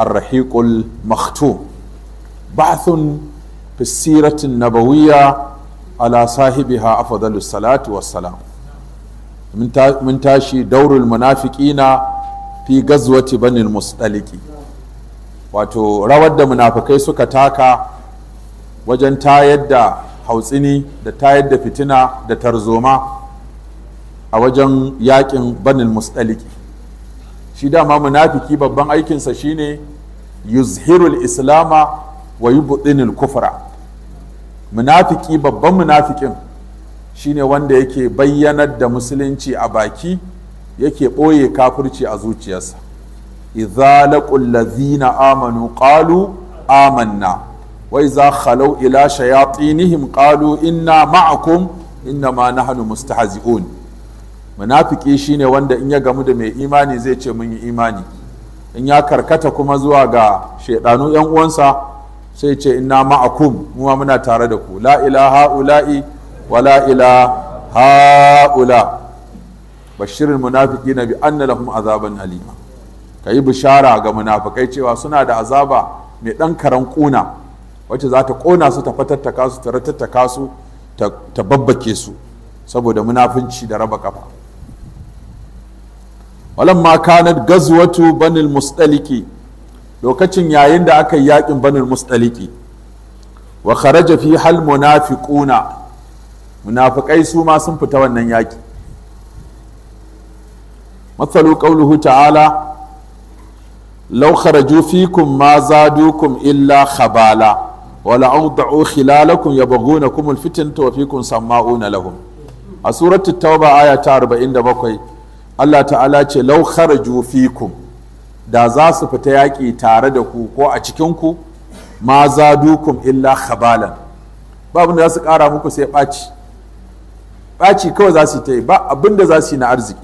الرحيق المختوم بحث في السيرة النبوية على صاحبها أفضل الصلاة والسلام من تاشي دور المنافقين في غزوة بني المصطلق wato rawar da munafukai suka taka wajen tayar da hautsini da tayar da fitina da tarzoma a wajen yakin banin musdaliki shi dama munafiki babban aikinsa shine yuzhirul islama wa yubdinul kufra munafiki babban munafikin shine wanda yake bayyanar da musulunci a baki yake ɓoye kafirci a zuciyarsa idza laqul ladzina amanu qalu amanna wa idza khalaw ila shayatinihim qalu inna ma'akum inna ma nahnu mustahzi'un munafiki shine wanda in ya gamu da mai imani zai ce mun yi imani in ya karkata kuma zuwa ga shaidanu yan uwansa sai ce inna ma'akum mu muna tare da ku la ilaha ula'i wa la ilaha ula bashirin munafiki na bi anna lahum azaban alima kayi bishara ga munafikai cewa suna da azaba mai dan karan kuna wacce za ta kona su ta fatattaka su ta ratattaka su ta babbake su saboda munafunci da raba kafa walan walamma kanat watu banin mustaliki lokacin yayin da aka yi yakin banin mustaliki wa kharaja fi hal munafiquna munafiqai su ma sun fita wannan yaki mathalu qawluhu ta'ala law kharaju fikum ma zadukum illa khabala wala awda'u khilalakum yabghunakum alfitnata wa fikum sama'una lahum a suratul tauba aya ta 47 Allah ta'ala ce lau kharaju fikum da za su fita yaƙi tare da ku ko a cikinku ku ma zadukum illa khabalan babu da za su ƙara muku sai ɓaci ɓaci kawai za su yi ba abin da za su yi na arziki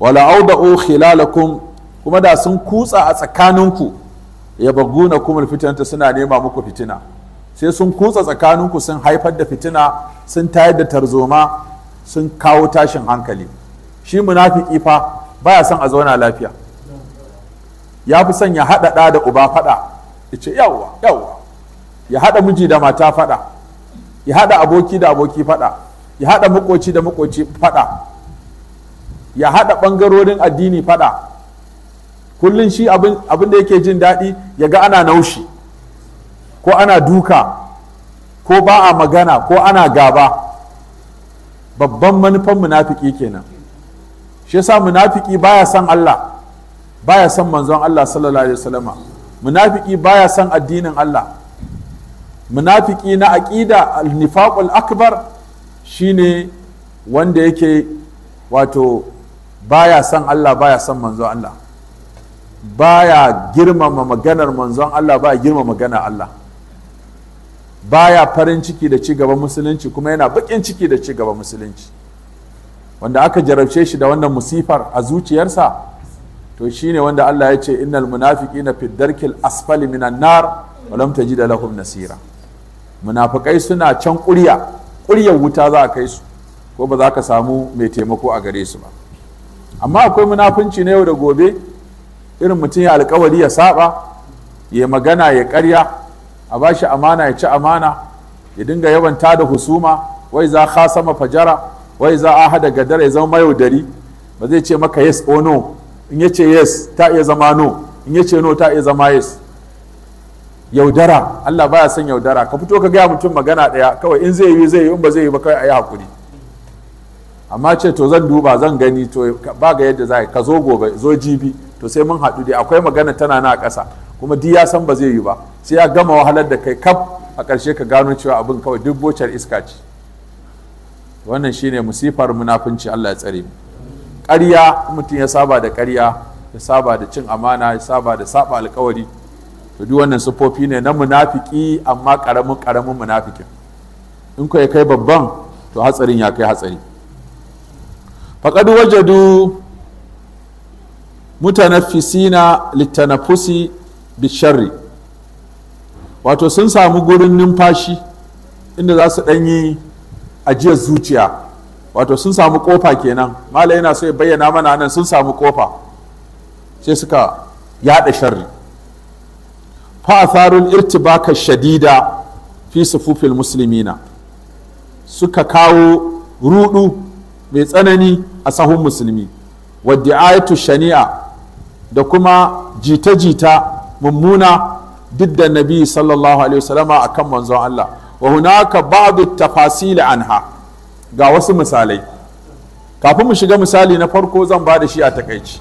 wala auda'u khilalakum kuma da sun kutsa a tsakaninku ya baguna kuma fitanta suna nema muku fitina sai sun kutsa tsakaninku sun haifar da fitina sun tayar da tarzoma sun kawo tashin hankali shi munafiki fa baya son a zauna lafiya ya fi son ya haɗa ɗa da uba faɗa ya ce yawwa yawwa ya haɗa miji da mata faɗa ya haɗa aboki da aboki faɗa ya haɗa makoci da makoci faɗa ya haɗa ɓangarorin addini faɗa kullum shi abin da yake jin daɗi ya ga ana naushi ko ana duka ko ba a magana ko ana gaba babban manufan munafiki kenan shi yasa munafiki baya son Allah baya son manzon Allah sallallahu alaihi wasallama munafiki baya son addinin Allah munafiki na aqida al-nifaqul akbar shine wanda yake wato baya son Allah baya son manzon Allah baya girmama maganar manzon Allah baya girmama maganar Allah baya farin ciki da ci gaba musulunci kuma yana bakin ciki da ci gaba musulunci wanda aka jarabce shi da wannan musifar a zuciyarsa to shine wanda Allah ya ce innal munafiqina fi darkil asfali minan nar wa lam tajid lahum nasira Munafukai suna can ƙurya ƙuryar wuta za a kai su ko ba za ka samu mai taimako a gare su ba amma akwai munafunci na yau da gobe irin mutum ya alkawari ya saba ya magana ya karya a bashi amana ya ci amana ya dinga yawan ta da husuma wai za ka sama fajara wai za a hada gadar ya zama mayaudari ba zai ce maka yes or no in ya ce yes ta iya zama no in ya ce no ta iya zama yes yaudara Allah baya son yaudara ka fito ka gaya mutum magana daya kawai in zai yi zai yi in ba zai yi ba kawai a yi hakuri amma ce to zan duba zan gani to ba ga yadda za ka zo gobe zo jibi to sai mun haɗu dai akwai magana tana na a ƙasa kuma duk ya san ba zai yi ba sai ya gama wahalar da kai kaf a ƙarshe ka gano cewa abin kawai duk bocar iska ce wannan shine musifar munafunci Allah ya tsare mu ƙarya mutum ya saba da ƙarya ya saba da cin amana ya saba da saba alkawari to duk wannan sufofi ne na munafiki amma ƙaramin ƙaramin munafikin in ya kai babban to hatsarin ya kai hatsari faƙadu wajadu mutanafisina littanafusi bisharri wato sun samu gurin numfashi inda za su ɗanyi ajiyar zuciya wato sun samu kofa kenan malai yana so ya bayyana mana nan sun samu kofa sai suka yada sharri fa atharul irtibaka shadida fi sufufil muslimina suka kawo rudu mai tsanani a sahun musulmi wadda ayatu shani'a da kuma jita-jita mummuna duk da nabi sallallahu alaihi wasallama a kan manzon Allah wa hunaka ba'du tafasil anha ga wasu misalai kafin mu shiga misali na farko zan ba da shi a takaici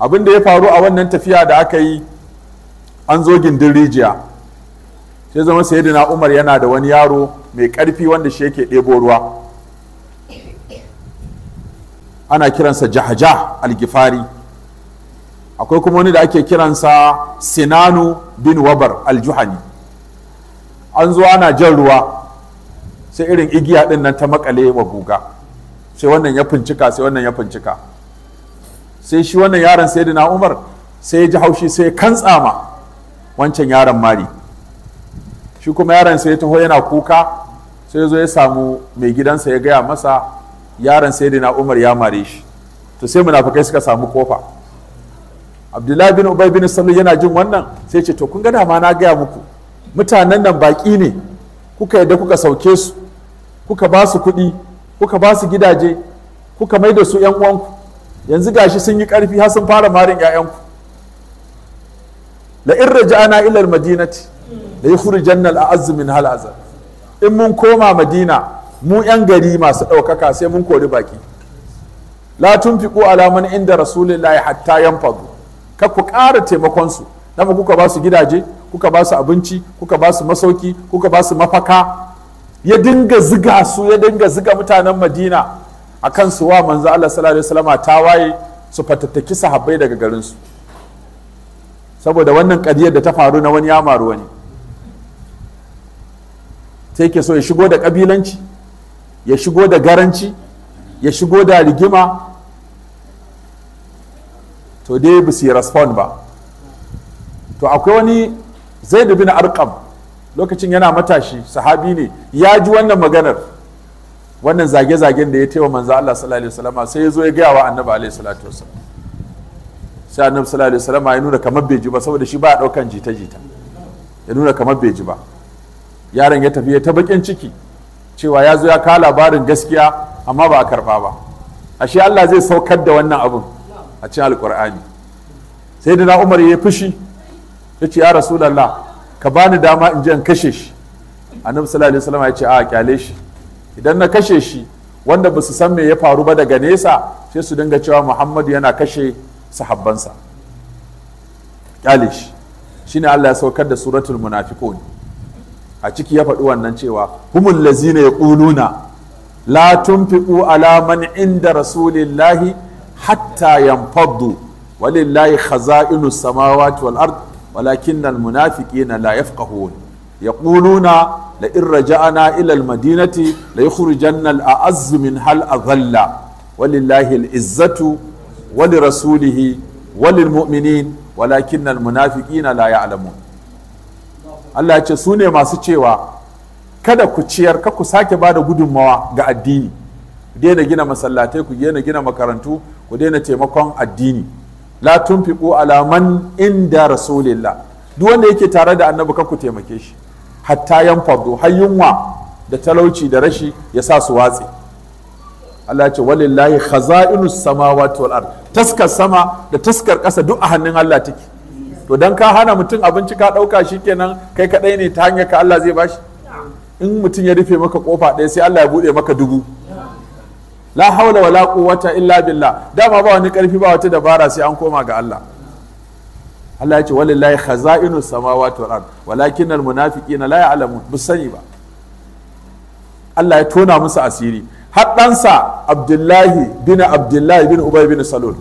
abin da ya faru a wannan tafiya da aka yi an zo gindin rijiya sai zama sayyidina umar yana da wani yaro mai karfi wanda shi yake ɗebo ruwa ana kiransa jahaja algifari akwai kuma wani da ake kiransa sinanu bin wabar aljuhani an zuwa ana jan ruwa sai irin igiya din nan ta makale wa guga sai wannan ya fincika sai wannan ya fincika sai shi wannan yaron sai na umar sai ya ji haushi sai ya tsama wancan yaron mari shi kuma yaron sai ya taho yana kuka sai zo ya samu mai gidansa ya gaya masa yaron sai na umar ya mare shi to sai munafukai suka samu kofa abdullahi bin ubai bin sallu yana jin wannan sai ce to kun ga dama na gaya muku mutanen nan baƙi ne kuka yadda kuka sauke su kuka ba su kuɗi kuka ba su gidaje kuka mai da su ‘yan uwanku yanzu gashi sun yi ƙarfi har sun fara marin ‘ya'yanku la in raja'ana ilal madinati la ya al-a'azz min hal in mun koma madina mu yan gari masu ɗaukaka sai mun kori baki la tunfiqu ala man inda rasulillahi hatta yanfadu ka ku ƙara taimakon su kuka ba su gidaje kuka ba su abinci kuka ba su masauki kuka ba su mafaka ya dinga ziga su ya dinga ziga mutanen madina a kan su wa manzo Allah sallallahu alaihi wasallam waye su fatattaki sahabbai daga garin su saboda wannan kadiyar da ta faru na wani ya maru wani sai ke so ya shigo da kabilanci ya shigo da garanci ya shigo da rigima to dai ba su respond ba to akwai wani Zai da bin arqam lokacin yana matashi sahabi ne ya ji wannan maganar wannan zage-zagen da ya taiwa manzo Allah sallallahu alaihi sai ya zo ya gaya wa annabi alaihi salatu wasallam sai annabi sallallahu alaihi ya nuna kamar bai ji ba saboda shi ba daukan jita-jita ya nuna kamar bai ji ba yaron ya tafi ya ta bakin ciki cewa ya zo ya kawo labarin gaskiya amma ba a karɓa ba ashe Allah zai saukar da wannan abun a cikin alkur'ani sai da na umar ya fushi ya ce ya rasulallah ka bani dama in ji in kashe shi annabi sallallahu alaihi wasallam ya ce a kyale shi idan na kashe shi wanda ba su san me ya faru ba daga nesa sai su dinga cewa muhammadu yana kashe sahabbansa kyale shi shine Allah ya saukar da suratul munafiqun a ciki ya faɗi wannan cewa humul lazina yaquluna la tunfiqu ala man inda rasulillahi hatta yanfaddu walillahi khaza'inus samawati wal ard walakin almunafiqina la yafqahun yaquluna la in ilal madinati almadinati la yukhrijanna al'azz min hal adhalla walillahi al'izzatu wa lirasulihi wa lilmu'minin walakin almunafiqina la ya'lamun Allah ce su ne masu cewa kada ku ciyar ka ku sake bada gudunmawa ga addini ku daina gina masallatai ku daina gina makarantu ku daina taimakon addini la tunfiqu ala man inda rasulillah duk wanda yake tare da annabi ku taimake shi hatta yanfadu har yunwa da talauci da rashi ya sa su watse Allah ce walillahi khaza'inus samawati wal ard taskar sama da taskar ƙasa duk a hannun Allah take to dan ka hana mutum abinci ka ɗauka shikenan kai kadai ne ta hanyar ka Allah zai bashi in mutum ya rufe maka kofa ɗaya sai Allah ya bude maka dubu la haula wala quwwata illa billah dama ba wani karfi ba wata dabara sai an koma ga Allah Allah ya ce walillahi khaza'inus samawati wal ard walakin al munafiqina la ya'lamun bus sani ba Allah ya tona musu asiri har ɗansa Abdullahi bin Abdullahi bin Ubay bin Salul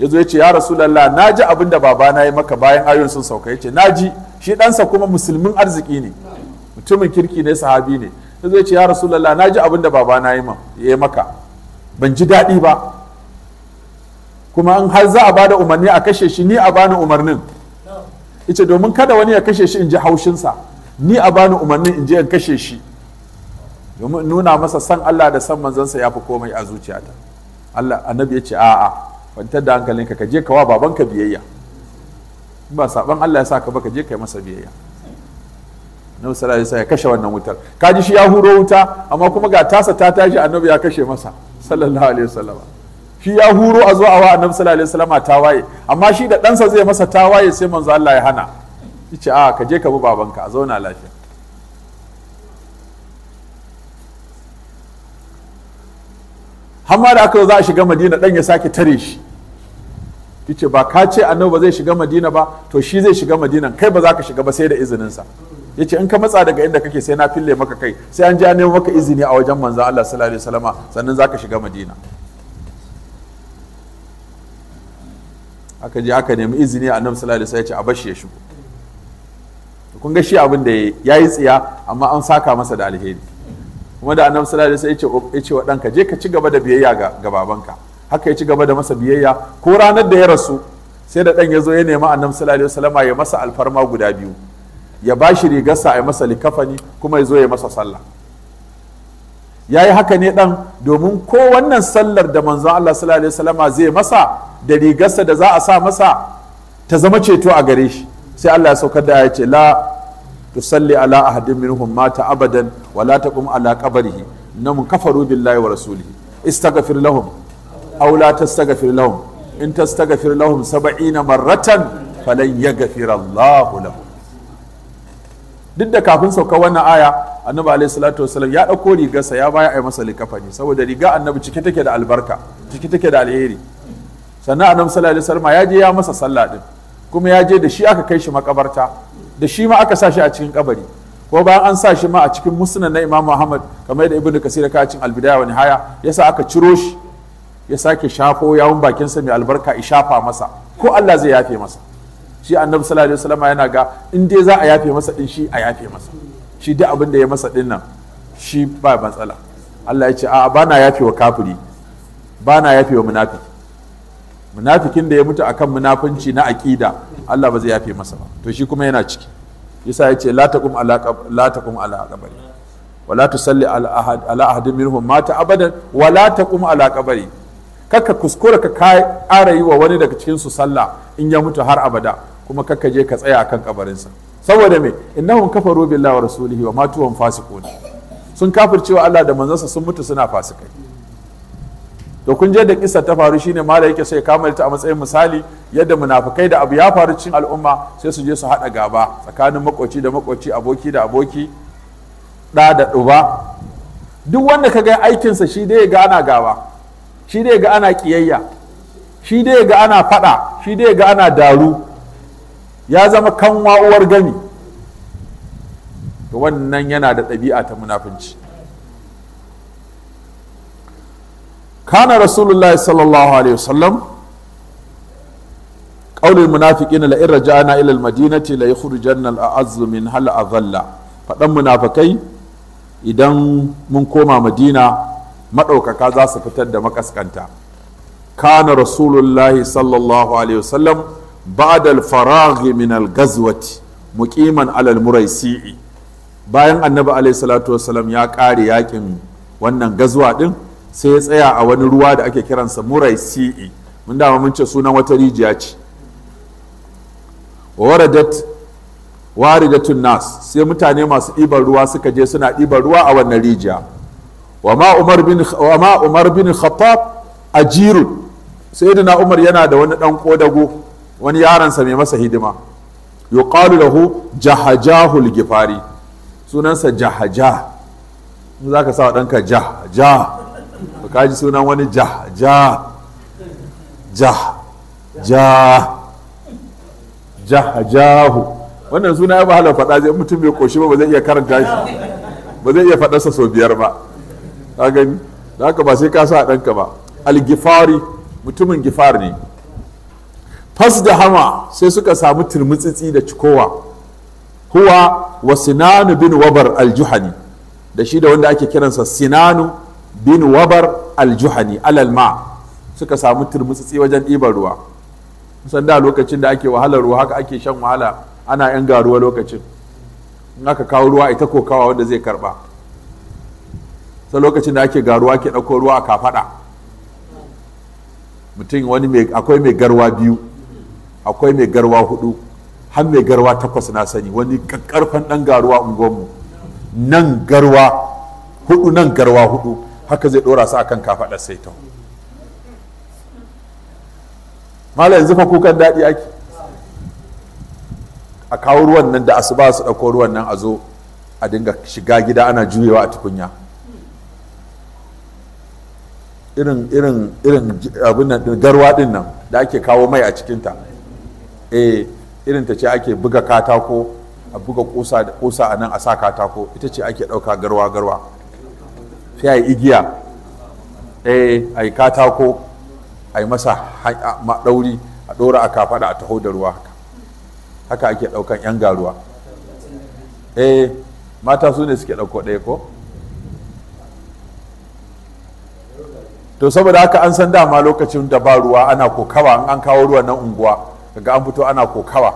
ya zo ya ce ya Rasulallah na ji babana maka bayan ayoyin sun sauka yace naji na ji shi ɗansa kuma musulmin arziki ne mutumin kirki ne sahabi ne yazo ya ce ya Rasulallah na ji babana maka ban ji daɗi ba kuma in har za a bada umarni a kashe shi ni a bani umarnin ita domin kada wani ya kashe shi in ji haushinsa ni a bani umarnin in je in kashe shi domin nuna masa san Allah da san manzansa ya fi komai a zuciyata Allah annabi ya ce a'a kwantar da hankalinka ka je kawa babanka biyayya ba saban Allah ya sa ka ba ka je kai masa biyayya annabi sallallahu alaihi ya kashe wannan wutar kaji shi ya huro wuta amma kuma ga tasa ta tashi annabi ya kashe masa sallallahu alaihi wasallama shi ya huro a zuwa wa annabi sallallahu alaihi ta tawaye amma shi da ɗansa zai masa tawaye sai manzo Allah ya hana yace a ka je ka bi babanka a zauna lafiya hamma da aka za a shiga madina dan ya sake tare shi yace ba ka ce annabi ba zai shiga madina ba to shi zai shiga madinan kai ba za ka shiga ba sai da izininsa sa yace in ka matsa daga inda kake sai na fille maka kai sai an ja nemo maka izini a wajen manzan Allah sallallahu alaihi wasallama sannan zaka shiga Madina aka je aka nemi izini annabi sallallahu alaihi wasallam ya ce a bashi ya shigo kun ga shi abin da yayi tsiya amma an saka masa da alheri kuma da annabi sallallahu alaihi wasallam ya ce wa danka je ka ci gaba da biyayya ga babanka haka ya ci gaba da masa biyayya ko ranar da ya rasu sai da dan ya zo ya nemi annabi sallallahu alaihi wasallam ya masa alfarma guda biyu ya ba shi rigarsa a yi masa likafani kuma ya zo ya masa sallah ya yi haka ne ɗan domin ko wannan sallar da manzon Allah sallallahu alaihi zai masa da rigarsa da za a sa masa ta zama ceto a gare shi sai Allah ya saukar da ya ce la tusalli ala ahadin minhum mata abadan wa la taqum ala qabrihi innahum kafaru billahi wa rasulihi istaghfir lahum aw la tastaghfir lahum in tastaghfir lahum 70 marratan falan yaghfir Allahu lahum duk da kafin sauka wannan aya annabi alaihi salatu wasallam ya dauko rigarsa ya baya ai masa likafani saboda riga annabi cike take da albarka cike take da alheri sannan annabi sallallahu alaihi wasallam ya je ya masa sallah din kuma ya je da shi aka kai shi makabarta da shi ma aka sa shi a cikin kabari ko bayan an sa shi ma a cikin musnad na imamu Muhammad kamar yadda ibnu Kasir ka cikin albidaya wa Nihaya yasa aka ciro shi ya sake shafo yawun sa mai albarka shafa masa ko Allah zai yafe masa shi annabi sallallahu alaihi wasallam yana ga in dai za a yafe masa din shi a yafe masa shi duk abin da ya masa din nan shi ba matsala Allah ya ce a'a bana yafe wa kafiri bana yafe wa munafiki munafikin da ya mutu akan munafunci na aqida Allah ba zai yafe masa ba to shi kuma yana ciki yasa ya ce la taqum ala la taqum ala qabri wala tusalli ala ahad ala ahadin minhum mata abadan wala ta taqum ala qabri kaka kuskura ka kai yi wa wani daga cikin su sallah in ya mutu har abada kuma kakka je ka tsaya akan kabarinsa saboda me innahum kafaru billahi wa rasulihi wa matu hum fasiqun sun kafircewa Allah da manzansa sun mutu suna fasikai to kun je da kissa ta faru shine mala yake sai kamar ta a matsayin misali yadda munafikai da abu ya faru cikin al'umma sai su je su hada gaba tsakanin makoci da makoci aboki da aboki da da duba duk wanda kaga aikinsa shi dai ga ana gaba shi dai ga ana kiyayya shi dai ga ana fada shi dai ga ana daru ya zama kanwa uwar gami to wannan yana da ɗabi'a ta munafunci kana rasulullahi sallallahu alaihi wasallam qaulul munafiqina la in raja'na ila al-madinati la yukhrijanna a azumin min hal adalla fadan munafikai idan mun koma madina maɗaukaka za su fitar da makaskanta kana rasulullahi sallallahu alaihi بعد الفراغ من min al على المريسي muraisi'i bayan annabi alaihi salatu wasalam ya kare yakin wannan gazwa din sai ya tsaya a wani ruwa da ake kiransa muraisi'i mun dama mun ce sunan wata rijiya ce waradat waridatun nas sai mutane masu ɗiban ruwa suka je suna ɗiban ruwa a wannan rijiya wa ma umar bin wa ma umar bin khattab ajirun sayyidina umar yana da wani dan kodago wani yaransa mai masa hidima yuqalu lahu jahajahul gifari sunansa jahaja in za ka sa wa ɗanka jahaja ba ka ji sunan wani jahaja jahaja jahajahu wannan suna ya wahala faɗa zai mutum mai koshi ba ba zai iya karanta shi ba zai iya faɗarsa sau biyar ba ka gani da haka ba sai ka sa ɗanka ba algifari mutumin gifar ne fas da hama sai suka samu turmutsitsi da cikowa huwa wa sinanu bin wabar aljuhani da shi da wanda ake kiransa sinanu bin wabar aljuhani alalma. suka samu turmutsitsi wajen ɗiban ruwa kusan da lokacin da ake wahalar ruwa haka ake shan wahala ana yan garuwa lokacin in aka kawo ruwa ita kokawa wanda zai karba sai lokacin da ake garuwa ke ɗauko ruwa a kafaɗa mutum wani akwai mai garwa biyu akwai mai garwa hudu har mai garwa takwas na sani wani karfan dan garuwa unguwanmu nan garwa hudu nan garwa hudu haka zai dora su akan kafaɗar sai ta mala yanzu fa kukan daɗi ake a kawo ruwan nan da asuba su ɗauko ruwan nan a zo a dinga shiga gida ana juyewa a tukunya irin irin abin nan garwa din nan da ake kawo mai a cikinta eh irin ta ce ake buga katako a buga kusa a nan a sa katako ita ce ake ɗauka garwa garwa sai a yi igiya eh a yi katako a yi masa ɗauri a ɗora a kafaɗa a taho da ruwa haka ake ɗaukan 'yan garuwa E, mata su ne suke ɗauko ɗaya ko to saboda haka an san dama lokacin da ba ruwa ana kokawa an kawo ruwa na unguwa kaga an fito ana kokawa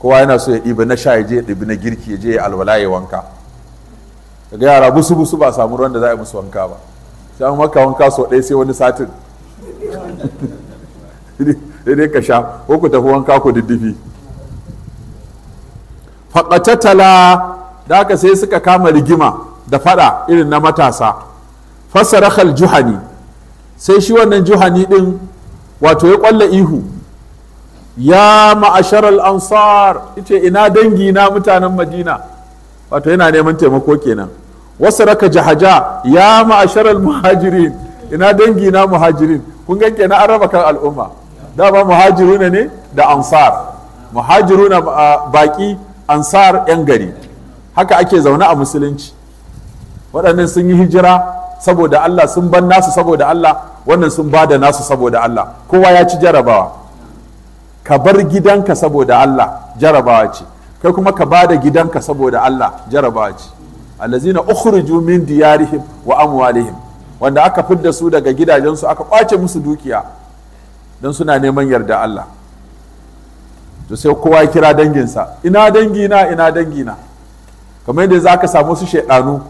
kowa yana so ya ɗibi na sha ya je ya ɗibi na girki ya je ya alwala ya wanka kaga yara busu busu ba samu ruwan da za a yi musu wanka ba sai an maka wanka sau ɗaya sai wani satin dai ka sha ko ku tafi wanka ku diddifi tala da aka sai suka kama rigima da faɗa irin na matasa fasarakal juhani sai shi wannan juhani ɗin wato ya ƙwalla ihu ya ma'ashar al'ansar ita ina dangi na mutanen madina wato yana neman taimako kenan wasu raka jahaja ya ma'ashar al-muhajirin ina dangi na muhajirin kun ganke na an raba kan al'umma dama muhajiruna ne da ansar muhajiruna baki ansar yan gari haka ake zaune a musulunci waɗannan sun yi hijira saboda Allah sun ban nasu saboda Allah wannan sun ba da nasu saboda Allah kowa ya ci jarabawa ka bar gidanka saboda Allah jarabawa ce kai kuma ka bada gidanka saboda Allah jarabawa ce allazina ukhriju min diyarihim wa amwalihim wanda aka fidda su daga gidajensu aka kwace musu dukiya don suna neman yarda Allah to sai kowa kira danginsa ina dangina ina dangina kamar yadda za ka samu su shaidanu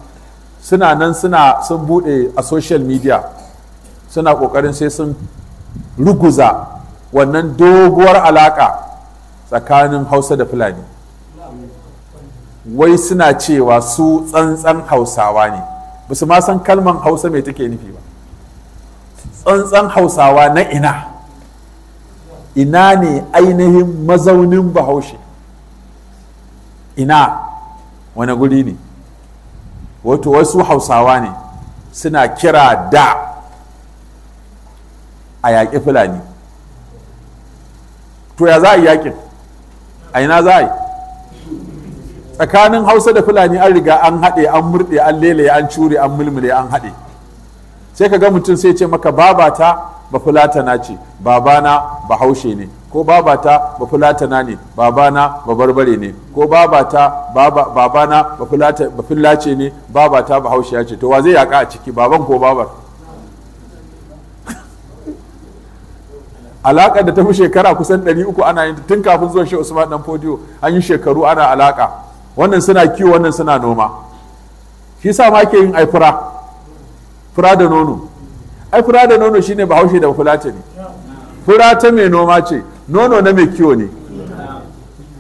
suna nan suna sun bude a social media suna kokarin sai sun ruguza wannan doguwar alaƙa tsakanin hausa da fulani wai suna cewa su tsantsan hausawa ne ba su ma san kalman hausa mai take nufi ba tsantsan hausawa na ina ina ne ainihin mazaunin bahaushe ina wani guri ne wato wasu hausawa ne suna kira da a yaƙi fulani to ya za a yi yakin a ina za a yi tsakanin hausa da fulani an riga an haɗe an murɗe an lele an cure an mulmule an haɗe sai ka ga mutum sai ce maka babata ba fulatana ce babana ba haushe ne ko babata ba fulatana ne babana ba barbare ne ko babata babana ba fulace ne babata ba haushe ya ce to wa zai yaƙa a ciki baban ko babar alaƙar da ta fi shekara kusan 300 ana yin tun kafin zuwan shi usman dan fodiyo an yi shekaru ana alaƙa wannan suna kiwo wannan suna noma shi sa ma ke yin ai fura fura da nono ai fura da nono shine bahaushe da fulata ne fura ta mai noma ce nono na mai kiwo ne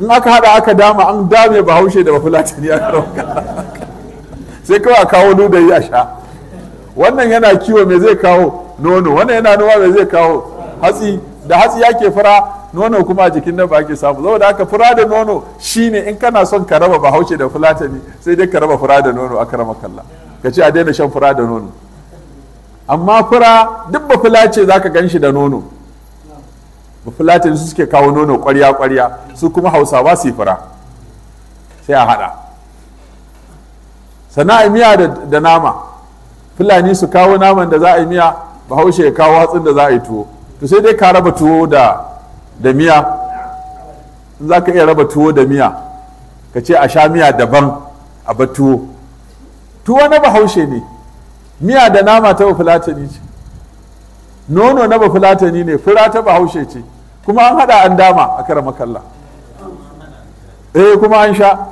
in aka hada aka dama an dame bahaushe da fulata ne a sai kawai a kawo yi a sha wannan yana kiwo me zai kawo nono wannan yana noma me zai kawo hatsi da hatsi yake fura nono kuma a jikin ba ake samu saboda haka fura da nono shine in kana son ka raba bahaushe da fulatani sai dai ka raba fura da nono a karama kalla ka ce a daina shan fura da nono amma fura duk ba fulace za ka gan da nono ba fulatani su suke kawo nono kwarya kwarya su kuma hausawa su yi fura sai a haɗa sana'a miya da nama fulani su kawo naman da za a yi miya bahaushe ya kawo hatsin da za a yi tuwo to sai dai ka raba tuwo da da miya za ka iya raba tuwo da miya ka ce a sha miya daban a ba tuwo tuwo na bahaushe ne miya da nama ta bafulatani ce nono na bafulatani ne fura ta bahaushe ce kuma an hada an dama a kara makalla eh kuma an sha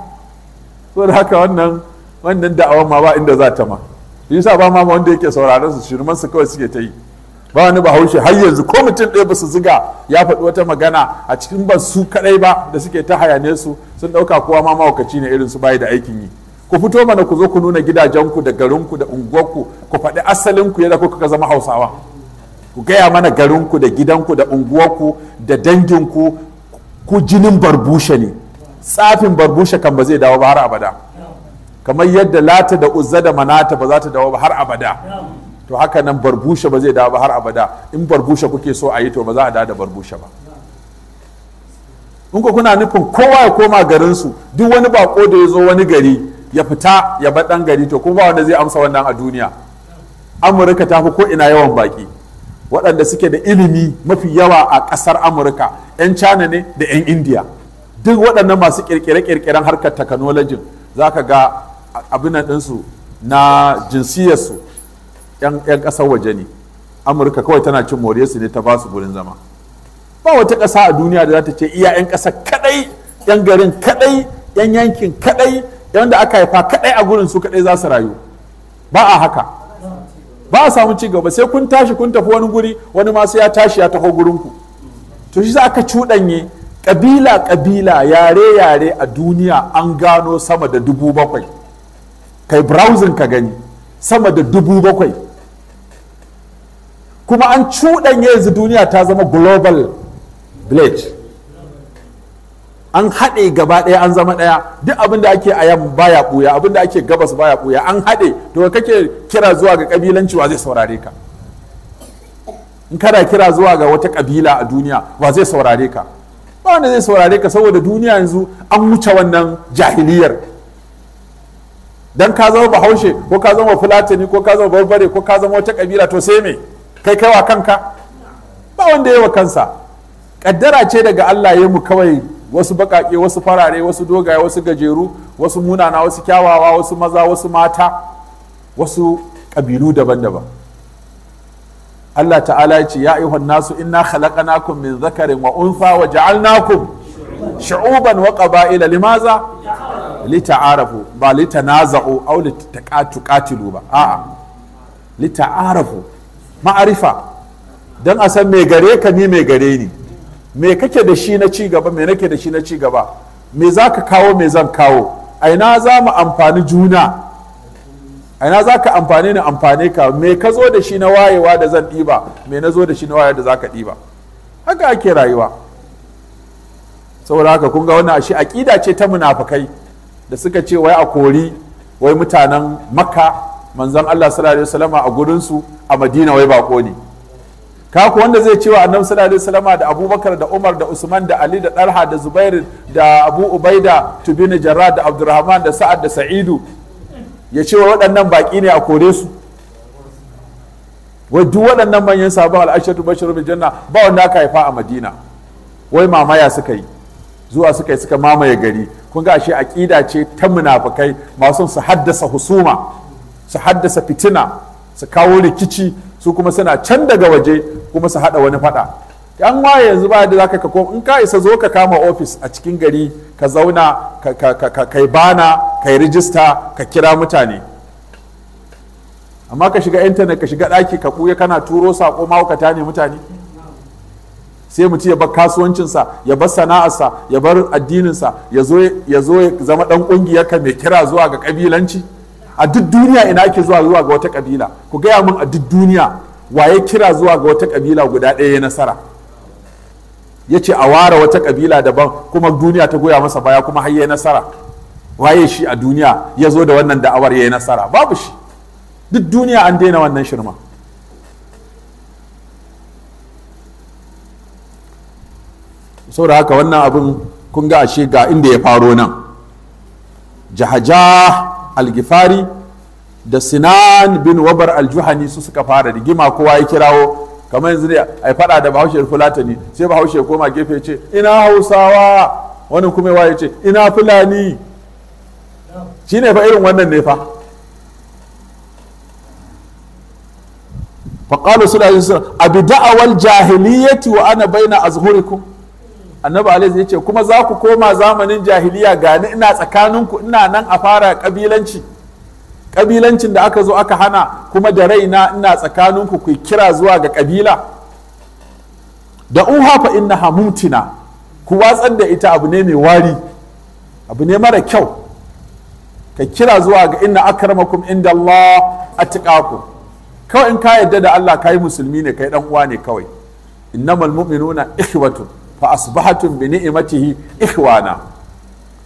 da haka wannan wannan da'awar ma ba inda za ta ma yasa ba ma wanda yake sauraron su shirman su kawai suke ta yi ba wani bahaushe har yanzu ko mutum ɗaya ba su ziga ya faɗi wata magana a cikin ba su kaɗai ba da suke ta hayane su sun ɗauka kowa ma mawakaci ne irin su bayi da aikin yi ku fito mana ku zo ku nuna gidajenku da garinku da unguwarku ku faɗi asalinku yadda kuka zama hausawa ku gaya mana garinku da gidanku da unguwarku da danginku ku jinin barbushe ne tsafin barbushe kan ba zai dawo ba har abada kamar yadda lata da uzza da manata ba za ta dawo ba har abada to haka nan barbushe ba zai dawo ba har abada in barbushe kuke so a yi to ba za a da da barbushe ba in kuna nufin kowa ya koma garinsu duk wani bako da ya zo wani gari ya fita ya ba ɗan gari to kuma wanda zai amsa wannan a duniya amurka ta fi ko ina yawan baki waɗanda suke da ilimi mafi yawa a ƙasar amurka 'yan china ne da 'yan indiya duk waɗannan masu ƙirƙire-ƙirƙiren harkar takanolojin za ka ga abin ɗinsu na jinsiyarsu 'yan ƙasar waje ne amurka kawai tana cin su ne ta ba su gurin zama ba wata ƙasa a duniya da za ta ce iya 'yan ƙasa kaɗai 'yan garin kaɗai 'yan yankin kaɗai yan da aka haifa kaɗai a gurin su kaɗai za su rayu ba a haka ba a samu ci gaba sai kun tashi kun tafi wani guri wani ma sai ya tashi ya taho gurin ku to shi aka cuɗanye ƙabila ƙabila yare yare a duniya an gano sama da dubu bakwai kai browsing ka gani sama da dubu bakwai kuma an ya yanzu duniya ta zama global village an haɗe gaba ɗaya an zama ɗaya duk abin da ake ayan baya ɓuya abin da ake gabas baya ɓuya an haɗe to kake kira zuwa ga ƙabilanci wa zai saurare ka in kana kira zuwa ga wata ƙabila a duniya wa zai saurare ka ba wanda zai saurare ka saboda duniya yanzu an wuce wannan jahiliyar dan ka zama bahaushe ko ka zama fulatani ko ka zama barbare ko ka zama wata ƙabila to sai me kai kaiwa kanka ba wanda yawa kansa kaddara ce daga Allah ya mu kawai wasu baƙaƙe wasu farare wasu dogaye wasu gajeru wasu munana wasu kyawawa wasu maza wasu mata wasu ƙabilu daban-daban Allah ta'ala ya ce ya ayyuhan nasu inna khalaqnakum min zakarin wa untha wa ja'alnakum shu'uban wa qaba'ila limaza lita'arafu ba litanaza'u aw litaqatu qatilu ba a'a lita'arafu ma'arifa don a san me gare ka ni me gare ni me kake da shi na cigaba, mai nake da shi na cigaba, mai me za ka kawo me zan kawo aina za mu amfani juna aina za ka amfani ni amfani ka me ka zo da shi na wayewa da zan ɗiba me na zo da shi na wayewa da za ka ɗiba haka ake rayuwa saboda haka kun ga wannan ashe aƙida ce ta munafukai da suka ce wai a kori wai mutanen makka manzon Allah sallallahu alaihi wasallam a gurin su a Madina wai bako ne ka wanda zai cewa annabi sallallahu alaihi wasallam da Abubakar da Umar da Usman da Ali da Talha da Zubair da Abu Ubaida Tubin Jarrah da Abdurrahman da Sa'ad da Sa'idu ya ce wa waɗannan baki ne a kore su wai duk waɗannan manyan sabon al'ashatu bashiru bil janna ba wanda aka haifa a madina wai mamaya suka yi zuwa suka yi suka mamaye gari kun ga ashe aqida ce ta munafikai masu su haddasa husuma su haddasa fitina su kawo rikici su kuma suna can daga waje kuma su haɗa wani faɗa yan waye yanzu ba da zaka kako in ka isa zo ka kama ofis a cikin gari ka zauna ka bana ka yi rijista ka kira mutane amma ka shiga intanet ka shiga ɗaki ka kuya kana turo sako mahaukata ne mutane sai mutum ya bar kasuwancinsa ya bar sana'arsa ya bar addininsa ya zo ya zama ɗan ƙungiyarka mai kira zuwa ga kabilanci a duk duniya ina ake zuwa zuwa ga wata kabila ku gaya min a duk duniya waye kira zuwa ga wata kabila guda ɗaya ya nasara ya ce a ware wata kabila daban kuma duniya ta goya masa baya kuma har ya nasara waye shi a duniya ya zo da wannan da'awar ya yi nasara babu shi duk duniya an daina wannan shirma saboda haka wannan abin kun ga ashe ga inda ya faro nan jahaja algifari da sinan bin wabar aljuhani su suka fara rigima kowa ya kirawo kamar yanzu ne a faɗa da bahaushe fulatani sai bahaushe koma gefe ce ina hausawa wani kuma ya ce ina fulani shi ne fa irin wannan ne fa faƙalu suna yin suna abi da'awar jahiliyyati wa ana baina azhurikum annabi alaihi ya ce kuma za ku koma zamanin jahiliya gani ina tsakaninku ina nan a fara kabilanci kabilancin da aka zo aka hana kuma da raina ina tsakaninku ku kira zuwa ga kabila da uha fa inna hamutina ku watsar da ita abu ne mai wari abu ne mara kyau ka kira zuwa ga inna akramakum inda Allah atqakum kawai in ka yadda da Allah kai musulmi ne kai dan uwa ne kawai innamal mu'minuna ikhwatun fa asbahatun bi ni'matihi ikhwana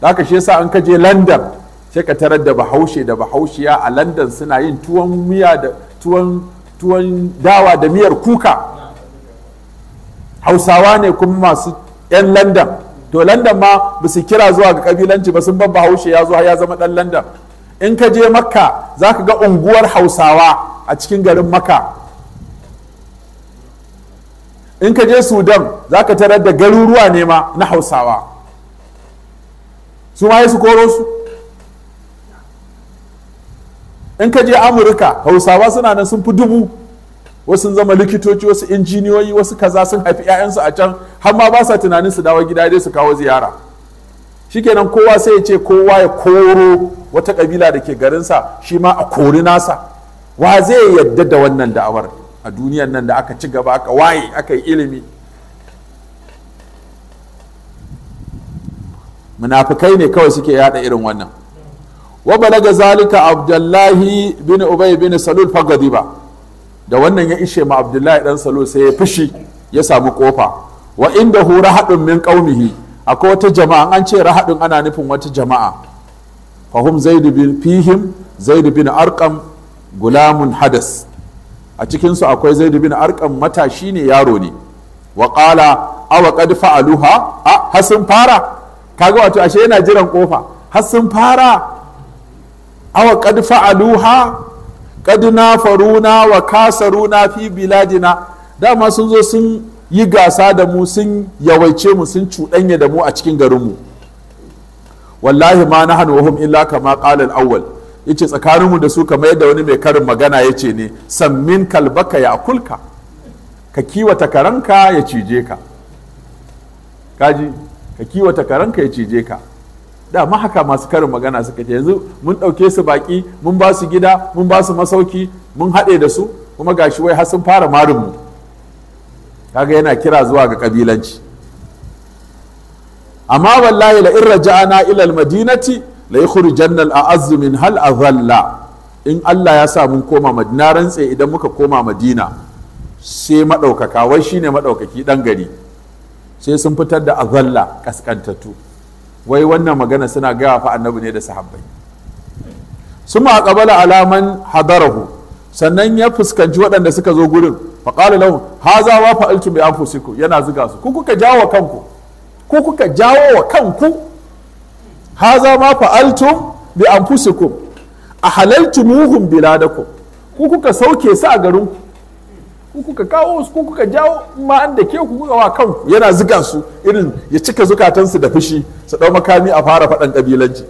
haka shi yasa an ka je London sai ka tarar da bahaushe da bahaushiya a London suna yin tuwon miya da tuwon tuwon dawa da miyar kuka Hausawa ne kuma masu 'yan London to London ma ba su kira zuwa ga kabilanci ba sun ban bahaushe ya zo ya zama dan London in ka je makka za ka ga unguwar hausawa a cikin garin makka in ka je sudan za ka tarar da garuruwa ne ma na hausawa su ma su koro su in ka je amurka hausawa suna nan sun fi dubu wasu zama likitoci wasu injiniyoyi wasu kaza sun haifi 'ya'yansu a can har ma ba sa tunanin su dawo gida dai su kawo ziyara shikenan kowa sai ya ce kowa ya koro wata kabila da ke garinsa shi ma a kori nasa wa zai yadda da wannan da'awar a duniyan nan da aka ci gaba aka waye aka yi ilimi munafikai ne kawai suke yada irin wannan wa balaga zalika abdullahi bin ubay bin salul fagadiba da wannan ya ishe ma abdullahi dan salul sai ya fushi ya samu kofa wa inda hu rahadun min qaumihi akwai wata jama'a an ce rahadun ana nufin wata jama'a fahum zaid bin fihim zaid bin arqam gulamun hadas a cikinsu su akwai dubi bin arkan matashi ne yaro ne wa kala aw qad fa'aluha a ah, har sun fara kaga wato ashe yana jiran kofa har sun fara aw qad fa'aluha qad nafaruna wa kasaruna fi biladina dama sun zo sun yi gasa da mu sun yawaice mu sun cuɗanya da mu a cikin garinmu wallahi ma hannu wa hum illa kama qala al-awwal yace tsakaninmu da su kamar yadda wani mai karin magana ya ce ne sammin kalbaka ya kulka ka kiwata karanka ya cije ka kaji ka kiwata karanka ya cije ka Da haka masu karin magana suka ce yanzu mun ɗauke su baƙi mun ba su gida mun ba su masauki mun haɗe da su kuma shi wai har sun fara marin mu. kaga yana kira zuwa ga kabilanci amma wallahi la irraja'ana raja'ana ila madinati la yukhrijanna a azumin min hal azalla in Allah ya sa mun koma Madina rantse idan muka koma Madina sai madaukaka wai shine madaukaki dan gari sai sun fitar da azalla kaskantattu wai wannan magana suna gaya fa annabi ne da sahabbai suma qabala alaman hadarahu sannan ya fuskanci waɗanda suka zo gurin fa qala ha haza wa fa'altu bi anfusikum yana zuga su ku ku kuka jawo wa kanku haza ma fa'altum bi anfusikum a halaltumuhum biladakum ku kuka sauke su a garin ku kuka kawo su ku kuka jawo ma an da ke ku kuka wa kanku yana zuga su irin ya cika zukatansu da fushi su dau makami a fara faɗan kabilanci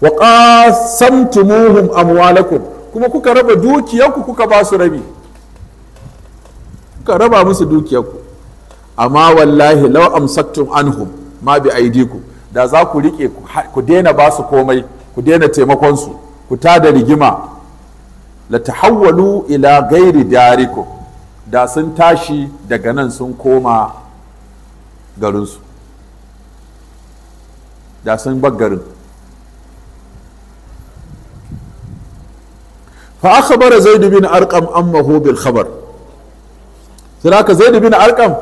wa qasamtumuhum amwalakum kuma kuka raba dukiyarku kuka ba su rabi kuka raba musu dukiyarku amma wallahi law amsaktum anhum ma bi aidikum da za ku riƙe ku daina ba su komai ku daina taimakonsu ku ta da rigima la tahawwalu ila gairi dariku da sun tashi daga nan sun koma garinsu da sun bar garin fa akhbara zaid bin arqam ammahu bil khabar sai haka zaid bin arqam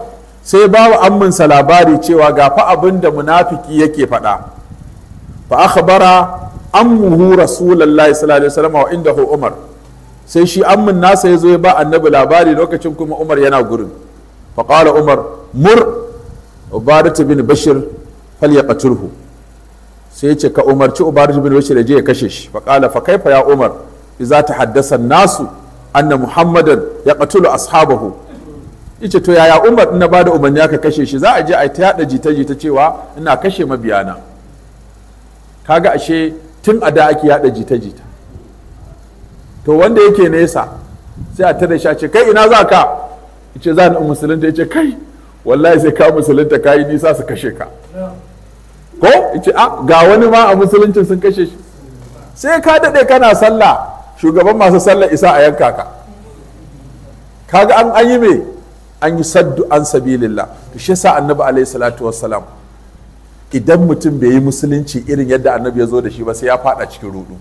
sai ba wa amminsa labari cewa ga fa abin da munafiki yake faɗa fa an muhu rasulullahi sallallahu alaihi wa inda umar sai shi ammin nasa ya zo ya ba annabi labari lokacin kuma umar yana gurin fa qala umar mur ubadat bin bashir falyaqtulhu sai ya ce ka umarci ubadat bin bashir ya je ya kashe shi fa qala fa kaifa ya umar idza haddasa nasu anna muhammadan yaqtulu ashabahu yace to yaya umar na bada umarni aka kashe shi za a je a ta yada jita-jita cewa ina kashe mabiyana kaga ashe tun a da ake yada jita-jita to wanda yake nesa sai a tare shi a ce kai ina za ka yace za ni musulunta yace kai wallahi sai ka musulunta ta yi nisa su kashe ka ko yace a ah, ga wani ma a musuluncin sun kashe shi sai ka daɗe kana sallah shugaban masu sallah isa a yanka ka kaga an yi me an yi saddu an sabilillah to shi yasa annabi alayhi salatu wassalam idan mutum bai yi musulunci irin yadda annabi ya zo da shi ba sai ya fada cikin rudu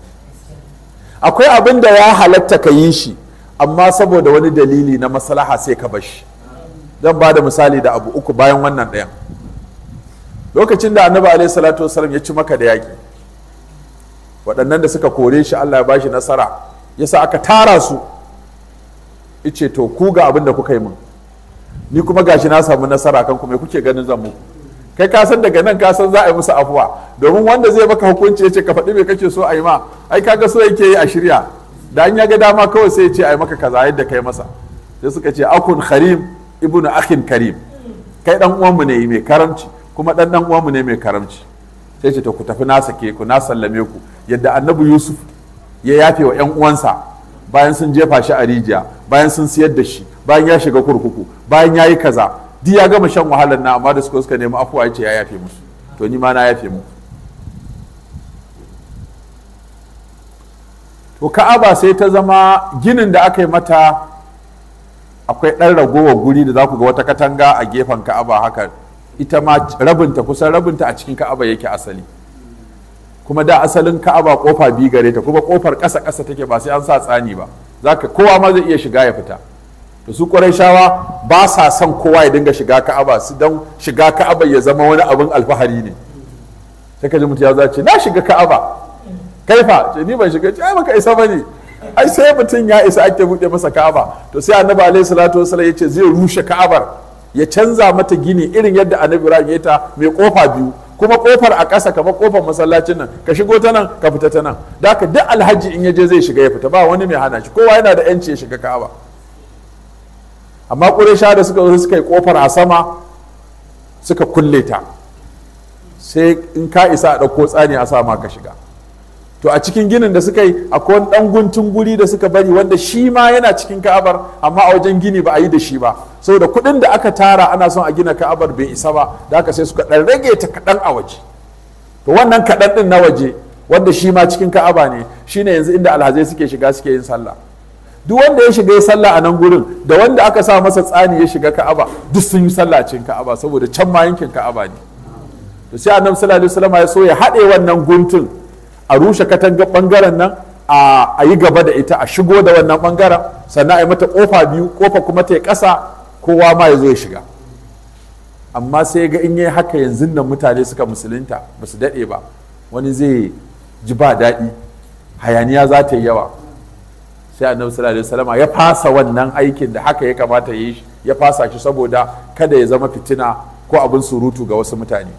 akwai abin da ya halatta ka yi shi amma saboda wani dalili na maslaha sai ka bashi zan bada misali da abu uku bayan wannan ɗayan lokacin da annabi alayhi salatu wassalam ya ci maka da yaki, waɗannan da suka kore shi allah ya bashi nasara yasa aka tara su ice to ku ga abin da kuka yi min ni kuma gashi na samu nasara kan kuma kuke ganin zan muku kai ka san daga nan ka san za a yi musu afuwa domin wanda zai maka hukunci ya ce ka faɗi me kake so a yi ma ai kaga so yake yi a shirya da an ya ga dama kawai sai ya ce a yi maka kaza yadda kai masa sai suka ce akun karim ibnu akhin karim kai dan uwanmu ne mai karamci kuma dan dan uwanmu ne mai karamci sai ce to ku tafi na sake ku na sallame ku yadda annabi yusuf ya yafe wa yan uwansa bayan sun jefa shi a rijiya bayan sun siyar da shi bayan ya shiga kurkuku bayan ya yi kaza duk ya gama shan wahalar na amma da suka suka nemi afuwa ce ya yafe musu to ni ma na yafe mu to ka'aba sai ta zama ginin da aka yi mata akwai ɗan ragowar guri da za ku ga wata katanga a gefen ka'aba haka ita ma rabinta kusan rabinta a cikin ka'aba yake asali kuma da asalin ka'aba kofa biyu gare ta kuma kofar ƙasa ƙasa take ba sai an sa tsani ba ka kowa ma zai iya shiga ya fita da su shawa ba sa son kowa ya dinga shiga ka'aba su don shiga ka'aba ya zama wani abin alfahari ne sai ka ji mutum ya ce na shiga ka'aba kaifa ce ni ban shiga ce ai maka isa bane ai sai mutum ya isa ake buɗe masa ka'aba to sai annabi alaihi salatu wasallam yace zai rushe ka'abar ya canza mata gini irin yadda annabi ibrahim ya ta mai kofa biyu kuma kofar a ƙasa kamar kofar masallacin nan ka shigo ta nan ka fita ta nan da ka duk alhaji in ya je zai shiga ya fita ba wani mai hana shi kowa yana da yanci ya shiga ka'aba amma sha da suka zo suka yi kofar a sama suka kulle ta sai in ka isa a ɗauko tsani a sama ka shiga to a cikin ginin da suka yi akwai wani ɗan guntun guri da suka bari wanda shi ma yana cikin ka'abar amma a wajen gini ba a yi da shi ba saboda kuɗin da aka tara ana son a gina ka'abar bai isa ba da aka sai suka ɗan rage ta kaɗan a waje to wannan kaɗan ɗin na waje wanda shi ma cikin ka'aba ne shine yanzu inda alhazai suke shiga suke yin sallah duk wanda ya shiga ya sallah a nan gurin da wanda aka sa masa tsani ya shiga ka'aba duk sun yi sallah cikin ka'aba saboda can ma yankin ka'aba ne to sai annabi sallallahu alaihi wasallam ya so ya haɗe wannan guntun a rushe katangar bangaren nan a yi gaba da ita a shigo da wannan bangaren sannan a mata kofa biyu kofa kuma ta yi ƙasa kowa ma ya zo ya shiga amma sai ga in yi haka yanzu nan mutane suka musulunta ba su daɗe ba wani zai ji ba daɗi hayaniya za ta yi yawa sai annabi sallallahu alaihi wasallam ya fasa wannan aikin da haka ya kamata ya yi ya fasa shi saboda kada ya zama fitina ko abin surutu ga wasu mutane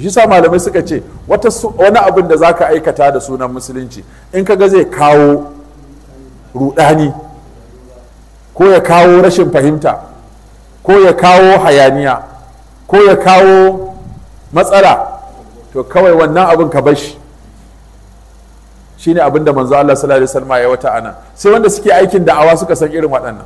shi sa malamai suka ce wata wani abin da zaka aikata da sunan musulunci in ka ga zai kawo rudani ko ya kawo rashin fahimta ko ya kawo hayaniya ko ya kawo matsala to kawai wannan abin ka bashi. shi shine abin da manzo Allah sallallahu alaihi wasallam ya wata ana sai wanda suke aikin da'awa suka san irin waɗannan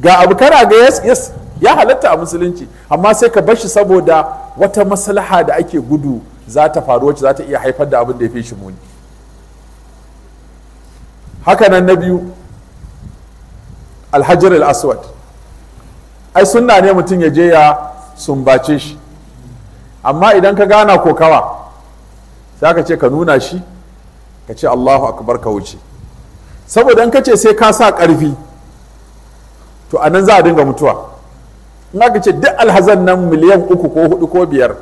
ga abu kana ga yes yes ya halatta a musulunci amma sai ka bar shi saboda wata maslaha da ake gudu za ta faru wacce za ta iya haifar da abin da ya fi shi muni haka nan na biyu alhajar al-aswad ai sunna ne mutum ya je ya sumbace shi amma idan ka gana kokawa za ce ka nuna shi ka ce Allahu akbar ka wuce saboda in ka ce sai ka sa ƙarfi to a nan za a dinga mutuwa in aka ce duk alhazan nan miliyan uku ko hudu ko biyar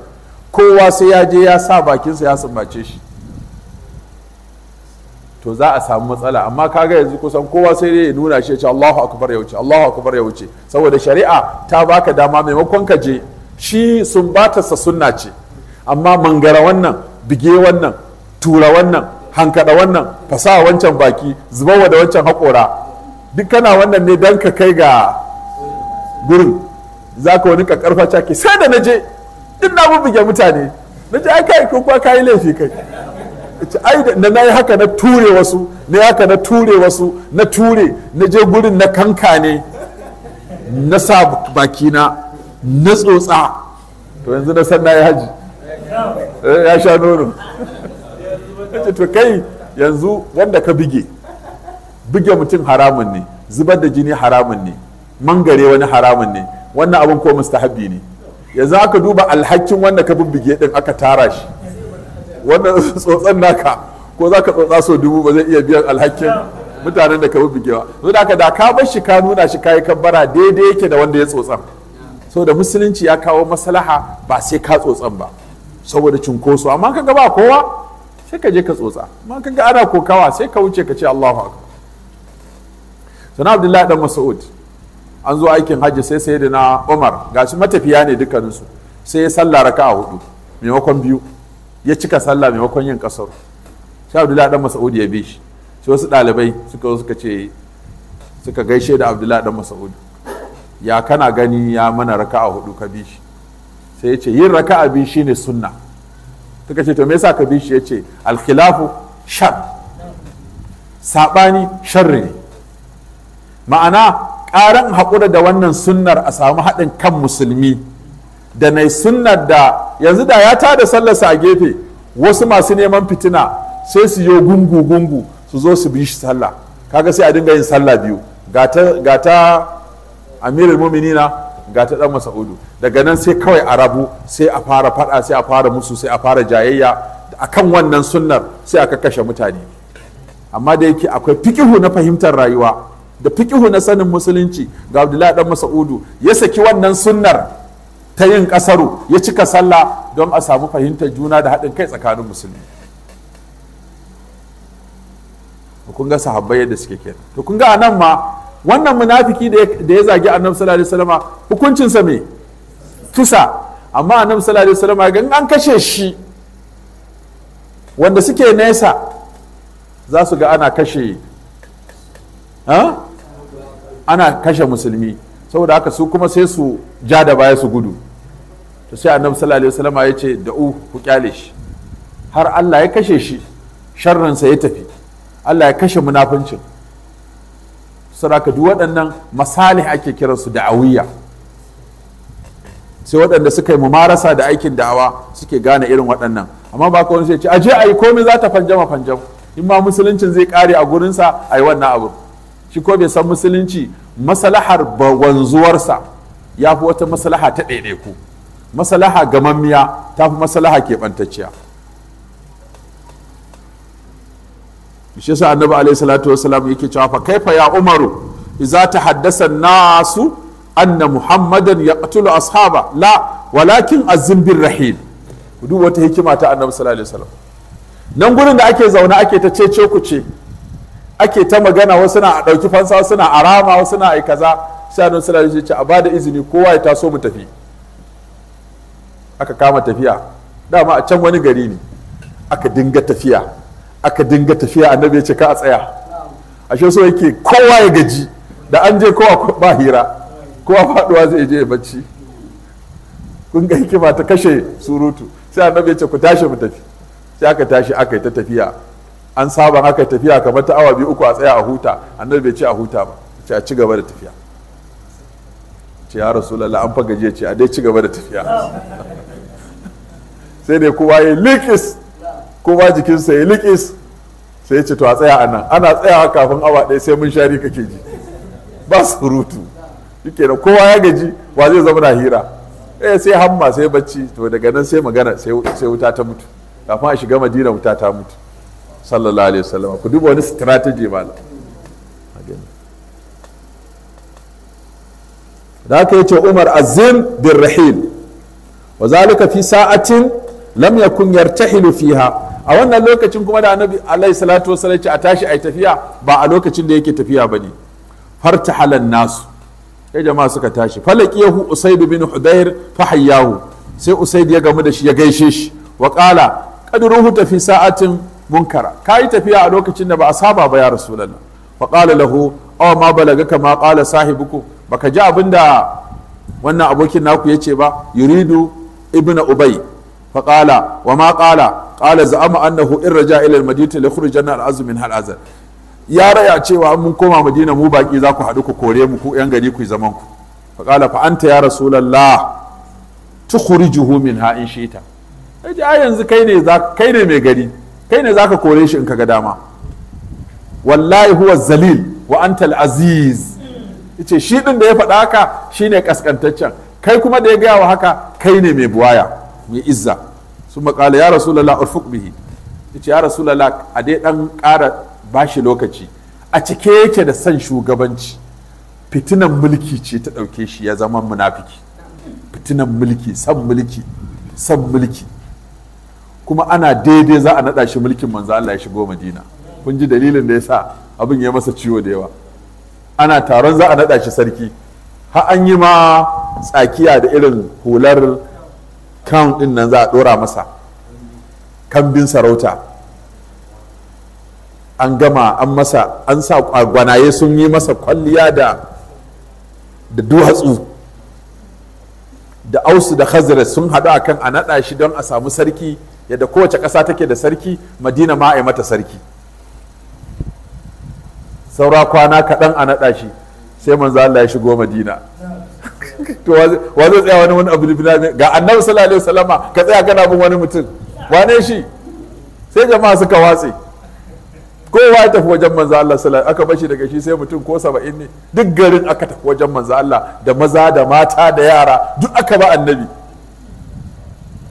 kowa sai ya je ya sa bakinsa ya sumbace shi to za a samu matsala amma kaga yanzu kusan kowa sai dai ya nuna shi ya ce Allahu akbar ya wuce Allahu akbar ya wuce saboda shari'a ta baka dama maimakon ka je shi sumbatarsa sunna ce amma mangara wannan bige wannan tura wannan hankada wannan fasa wancan baki zubawa da wancan haƙora duk kana wannan ne don ka kai ga gurin za ka wani ƙarfa caki sai da na je na bubbuge mutane na je ai kai kuma ka yi laifi kai ai da na yi haka na ture wasu na yi haka na ture wasu na ture na je gurin na kanka ne na sa bakina na tsotsa to yanzu na san na yi haji eh, ya sha nono to kai yanzu wanda ka bige bige mutum haramun ne zubar da jini haramun ne mangare wani haramun ne wannan abin ko mustahabi ne yanzu aka duba alhakin wanda ka bige din aka tara shi wannan tsotsan naka ko za ka tsotsa so dubu ba zai iya biyan alhakin mutanen da ka ba zai da da ka bar shi ka nuna shi kayi kabbara daidai yake da wanda ya tsotsan so da musulunci ya kawo maslaha ba sai ka tsotsan ba saboda cunkoso amma ka gaba kowa sai ka je ka tsotsa ma ka ga ana kokawa sai ka wuce ka ce Allahu akbar sanan Abdullahi dan Mas'ud an zo aikin hajji sai sai na Umar gashi matafiya ne dukkaninsu sai ya sallah raka'a hudu maimakon biyu ya cika sallah maimakon yin kasar sai Abdullahi dan Mas'ud ya bi shi sai wasu ɗalibai suka zo suka ce suka gaishe da Abdullahi dan Mas'ud ya kana gani ya mana raka'a hudu ka bi shi sai ya ce yin raka'a bi shine sunna suka ce to me yasa ka bi shi yace al-khilafu shar sabani sharri ne ma'ana ƙaran haƙura da wannan sunnar a samu haɗin kan musulmi da nai sunnar da yanzu da ya tada sallarsa a gefe wasu masu neman fitina sai su yo gungu gungu su zo su bi shi sallah kaga sai a dinga yin sallah biyu ga ta amirul muminina ga ta dan masa'udu daga nan sai kawai a rabu sai a fara fada sai a fara musu sai a fara jayayya akan wannan sunnar sai aka kashe mutane amma da yake akwai fikihu na fahimtar rayuwa da fikihu na sanin musulunci ga abdullahi dan masa'udu ya saki wannan sunnar ta yin kasaru ya cika sallah don a samu fahimtar juna da haɗin kai tsakanin musulmi kun ga sahabbai yadda suke kenan to kun ga nan ma wannan munafiki da ya zagi annabi sallallahu alaihi wasallam hukuncinsa me kisa amma annabi sallallahu alaihi wasallam ga an kashe shi wanda suke nesa za su ga ana kashe ana kashe musulmi saboda haka su kuma sai su ja da baya su gudu to sai annabi sallallahu alaihi wasallam ya ce da u ku kyale shi har Allah ya kashe shi sharrinsa ya tafi Allah ya kashe munafincin saraka duk waɗannan masalih ake kiransu da'awiyya sai waɗanda suka yi mumarasa da aikin da'awa suke gane irin waɗannan amma ba ka wani sai ce aje ayi komai za ta fanjama fanjam in ma musuluncin zai kare a gurinsa ayi wannan abu shi ko bai san musulunci masalahar ba wanzuwarsa ya fi wata masalaha ta ɗaiɗaiku masalaha gamammiya ta fi masalaha keɓantacciya shi sa annabi alayhi salatu wasalam yake cewa fa kaifa ya umaru idza tahaddasa nasu anna muhammadan yaqtulu ashaba la walakin azim bir rahim duk wata hikima ta annabi sallallahu alaihi wasallam nan gurin da ake zaune ake ta cece ku ce ake ta magana wasu na a ɗauki fansa wasu na arama wasu na ai kaza sai annabi sallallahu alaihi wasallam ce a bada izini kowa ya taso mu tafi aka kama tafiya dama a can wani gari ne aka dinga tafiya aka dinga tafiya annabi ya ce ka a tsaya ashe so yake kowa ya gaji da an je kowa ba hira kowa faduwa zai je bacci kun ga hikima ta kashe surutu sai annabi ya ce ku tashi mu tafi sai aka tashi aka yi ta tafiya an saba aka tafiya kamar ta awa biyu uku a tsaya a huta annabi bai ce a huta ba ce a ci gaba da tafiya ce ya rasulallah an fa gajiya ce a dai ci gaba da tafiya sai dai kowa ya likis ba jikinsa ya likis sai ya ce to a tsaya a nan ana tsayawa kafin awa ɗaya sai mun shari kake ji ba surutu shike da kowa ya gaji wa zai zama na hira eh sai hamma sai bacci to daga nan sai magana sai wuta ta mutu kafin a shiga madina wuta ta mutu sallallahu alaihi wasallam ku duba wani strategy la da yi yace Umar azim birrahil wa zalika fi sa'atin lam yakun yartahilu fiha a wannan lokacin kuma da annabi alaihi salatu wasallam a tashi ai tafiya ba a lokacin da yake tafiya bane farta halan nasu sai jama'a suka tashi falakiyahu usaid bin Hudair fahayyahu sai usaid ya gamu da shi ya gaishe shi wa qala qad ruhuta sa'atin munkara kai tafiya a lokacin da ba a saba ba ya rasulullah fa qala lahu aw ma balagaka ma qala sahibuku baka ji abinda wannan abokin naku yace ba yuridu ibnu ubay فقال وما قال قال زعم انه ان رجع الى المدينه ليخرجن العز من هل azal ya raya cewa mun koma madina mu baki za ku haɗu ku kore mu ku yan gari ku zaman ku faqala fa anta ya rasulullah tukhrijuhu minha in ta. yaji a yanzu kai ne za kai ne mai gari kai ne zaka kore shi in ka ga dama wallahi huwa zalil wa anta al-aziz yace shi ɗin da ya faɗa haka shine kaskantaccen kai kuma da ya gaya wa haka kai ne mai buwaya mai izza su makala ya rasu urfuk bihi ce ya rasulallah a dai ɗan ƙara bashi lokaci a cike yake da son shugabanci fitinan mulki ce ta ɗauke shi ya zama munafiki fitinan mulki son mulki son mulki kuma ana daidai za a naɗa shi mulkin manzo Allah ya shigo madina kun ji dalilin da ya sa abin ya masa ciwo da yawa ana taron za a naɗa shi sarki har an yi ma tsakiya da irin hular crown din nan za a dora masa kambin sarauta an gama an masa an sa gwanaye sun yi masa kwalliya da da duwatsu da ausu da khazra sun haɗu akan a naɗa shi don a samu sarki yadda kowace ƙasa take da sarki madina ma a mata sarki saura kwana kaɗan a naɗa shi sai manzo Allah ya shigo madina to wa zai tsaya wani wani abu da ga annabi sallallahu alaihi wasallama ka tsaya kana bin wani mutum wane shi sai jama'a suka watse kowa ya tafi wajen manzo Allah sallallahu aka bashi daga shi sai mutum ko saba'in ne duk garin aka tafi wajen manzo Allah da maza da mata da yara duk aka ba annabi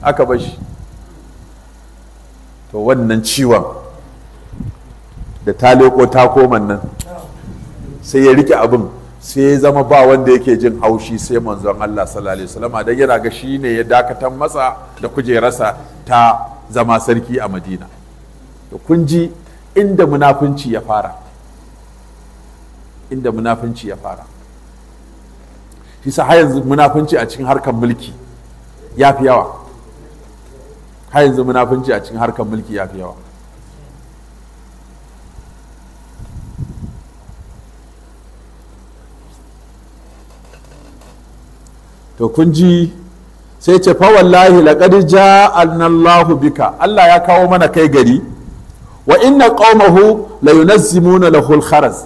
aka bashi to wannan ciwon da ta leko ta koman nan sai ya rike abin sai ya zama ba wanda yake jin haushi sai manzon Allah sallallahu alaihi wasallam dan yana ga shi ne ya dakatar masa da kujerarsa ta zama sarki a Madina to kun ji inda munafunci ya fara inda munafunci ya fara shi sa yanzu munafunci a cikin harkar mulki ya fi yawa yanzu munafunci a cikin harkar mulki ya fi yawa to kun ji sai ce fa wallahi laqad jaa annallahu bika Allah ya kawo mana kai gari wa inna qaumahu la yunazzimuna lahu al-kharaz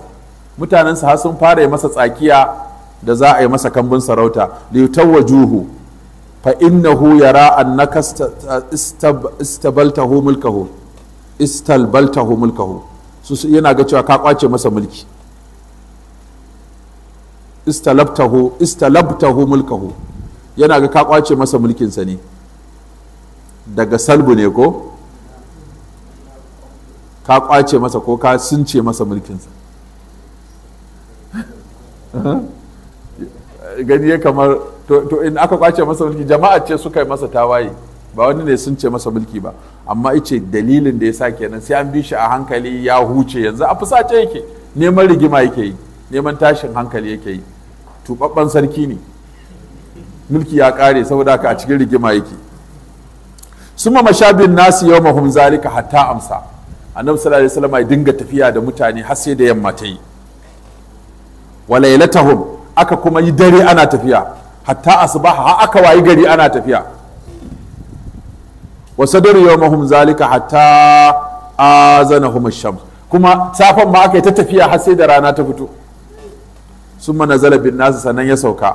mutanen sa sun fara yi masa tsakiya da za a yi masa kambun sarauta li tawajuhu fa innahu yara annaka istabaltahu mulkahu istalbaltahu mulkahu su yana ga cewa ka kwace masa mulki istalabtahu mulka mulkahu yana ga ka kwace masa mulkinsa ne daga salbu ne ko ka kwace masa ko ka sunce masa mulkinsa gani ya kamar to in aka kwace masa mulki jama'a ce suka yi masa tawaye ba wani ne sun ce masa mulki ba amma ice dalilin da ya sa kenan sai an bi shi a hankali ya huce yanzu a fusace yake neman rigima yake yi neman tashin hankali yake yi tubabban sarki ne mulki ya kare saboda haka a cikin rigima yake suma mashabin nasi yau mahum zalika hatta amsa annabi sallallahu alaihi wasallam ya dinga tafiya da mutane har sai da yamma ta yi wa lailatahum aka kuma yi dare ana tafiya hatta asbaha har aka wayi gari ana tafiya wa sadaru yau mahum zalika hatta azanahum ash-shams kuma safan ma aka yi ta tafiya har sai da rana ta fito sun mana zalabin nasu sannan ya sauka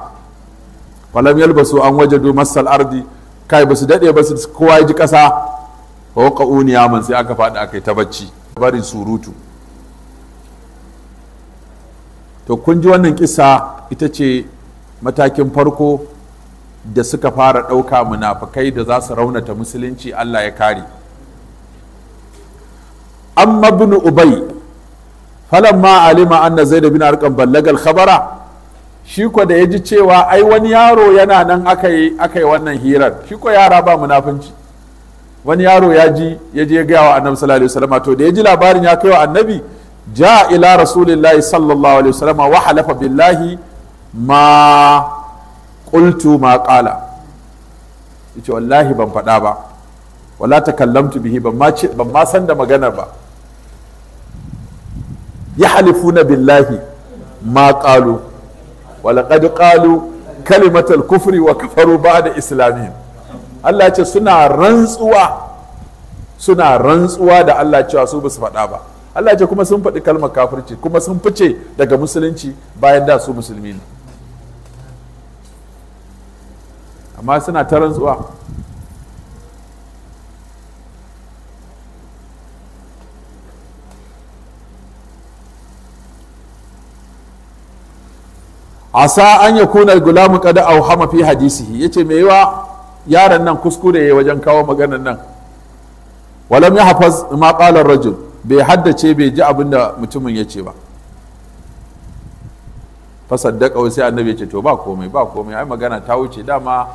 falam yalbasu an waje masal ardi kai basu dade ba su kowa ya ji kasa fa waqa uniyaman sai aka faɗi aka yi ta bacci barin surutu to kun ji wannan kisa ita ce matakin farko da suka fara ɗauka munafukai da za su raunata musulunci Allah ya kare amma bin ubai falamma alima anna da bin harkar ballagal khabara shi ko da ji cewa ai wani yaro yana nan aka yi wannan hirar shi ko yara ba munafunci wani yaro ya ji ya je ga wa annabi sallallahu alaihi wasallam to da ya ji labarin ya kai wa annabi ja ila rasulillahi sallallahu alaihi wasallam wa halafa billahi ma qultu ma qala yace wallahi ban faɗa ba wala takallamtu bihi ban ma san da magana ba na billahi ma qalu wa laqad qalu kalimatal kufri wa kafaru ba'da islamihim Allah ya ce suna rantsuwa suna rantsuwa da Allah cewa su ba faɗa ba Allah ce kuma sun faɗi kalmar kafirci kuma sun fice daga musulunci bayan da su musulmi ne amma suna ta rantsuwa asa an ya kuna gulamu kada au hama fi hadisihi yace me yawa yaran nan kuskure yayi wajen kawo maganan nan walam ya hafaz ma qala rajul bai haddace bai ji abinda da mutumin ya ce ba fasaddaka sai annabi ya ce to ba komai ba komai ai magana ta wuce dama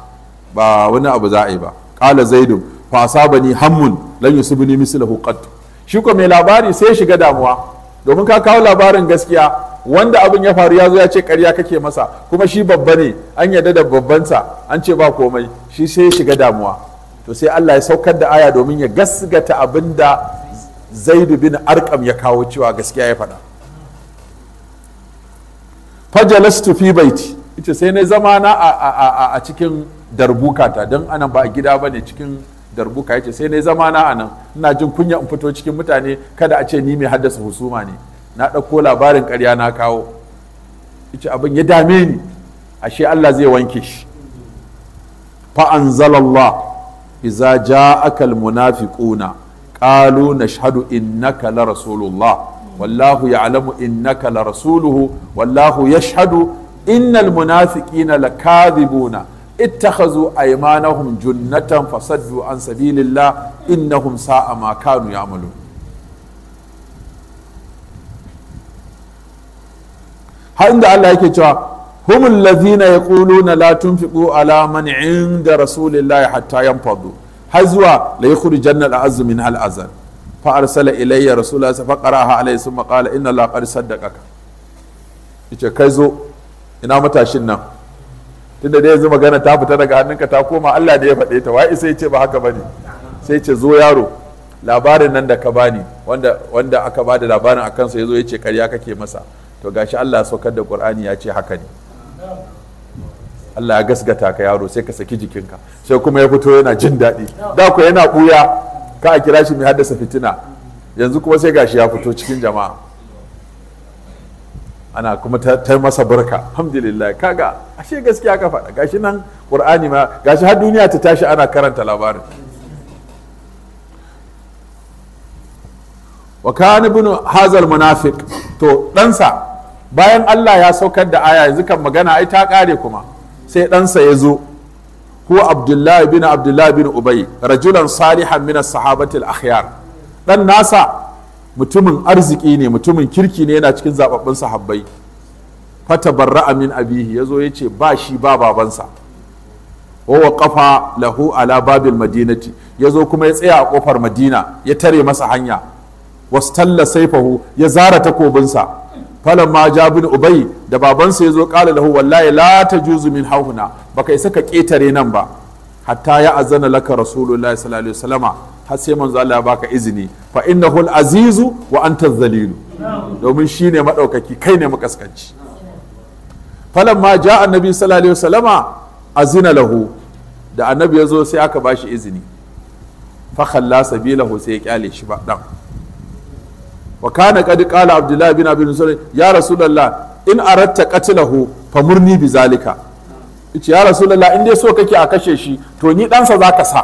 ba wani abu za a yi ba qala zaidu fa asabani hammun lan yusibni mislahu qat shi ko mai labari sai shiga damuwa domin ka kawo labarin gaskiya wanda abin ya faru ya zo ya ce karya kake masa kuma shi babba ne an yarda da babbansa an ce ba komai shi sai ya shiga damuwa to sai Allah ya saukar da aya domin ya gasgata abin da zaidu bin arqam ya kawo cewa gaskiya ya faɗa fajalastu fi baiti ita sai na zama na a cikin darbuka ta don anan ba a gida ba ne cikin darbuka yace sai na zama na anan ina jin kunya in fito cikin mutane kada a ce ni mai haddasa husuma ne na ɗauko labarin ƙarya na kawo ita abin ya dame ni ashe Allah zai wanke shi fa'anzalallah iza ja akal almunafiquna qalu nashhadu innaka la rasulullah wallahu ya'lamu innaka la rasuluhu wallahu yashhadu innal munafiqina lakadhibuna اتخذوا ايمانهم جنة فصدوا عن سبيل الله انهم ساء ما كانوا har inda Allah yake cewa humul ladhina yaquluna la tunfiqu ala man inda rasulillahi hatta yanfadu har zuwa la yukhrijanna al-azz min al-azan fa arsala ilayya rasulullah fa qara'aha alayhi thumma qala inna Allah qad saddaqaka yace kai zo ina matashin nan tunda da yanzu magana ta fita daga hannunka ta koma Allah da ya faɗe ta wai sai ce ba haka bane sai ce zo yaro labarin nan da ka bani wanda wanda aka bada labarin akan sa yazo yace karya kake masa to gashi Allah saukar da Qur'ani ya ce haka ne Allah ya gasgata ka yaro sai ka saki jikinka sai kuma ya fito yana jin daɗi da ku yana ɓuya ka a kira shi mai haddasa fitina yanzu kuma sai gashi ya fito cikin jama'a ana kuma ta masa barka alhamdulillah kaga ashe gaskiya ka faɗa gashi nan qur'ani ma gashi har duniya ta tashi ana karanta labarin wa kana ibn hazal munafiq to ɗansa bayan Allah ya saukar da aya yanzu kan magana ai ta kare kuma sai ɗansa ya zo huwa abdullahi bin abdullahi bin ubay rajulan salihan min as akhyar dan nasa mutumin arziki ne mutumin kirki ne yana cikin zababbin sahabbai fata barra'a min abihi yazo yace ba shi ba babansa wa waqafa lahu ala babil madinati yazo kuma ya tsaya a kofar madina ya tare masa hanya wastalla saifahu ya zara takobinsa falan ma jabin ubai da babansa ya zo kala lahu wallahi la lata min hauna baka isa saka ketare nan ba hatta ya azana laka rasulullahi sallallahu alaihi wasallama har sai manzo Allah ya baka izini fa innahu al-azizu wa anta dhalilu domin shine madaukaki kai ne makaskanci falan ma ja annabi sallallahu alaihi wasallama azina lahu da annabi ya zo sai aka bashi izini fa khalla sabilahu sai ya kyale shi ba dan wa kana qad kala abdullah bin abi nusayr ya rasulullah in aratta qatlahu famurni bi zalika yace ya rasulullah in dai so kake a kashe shi to ni ɗansa zaka sa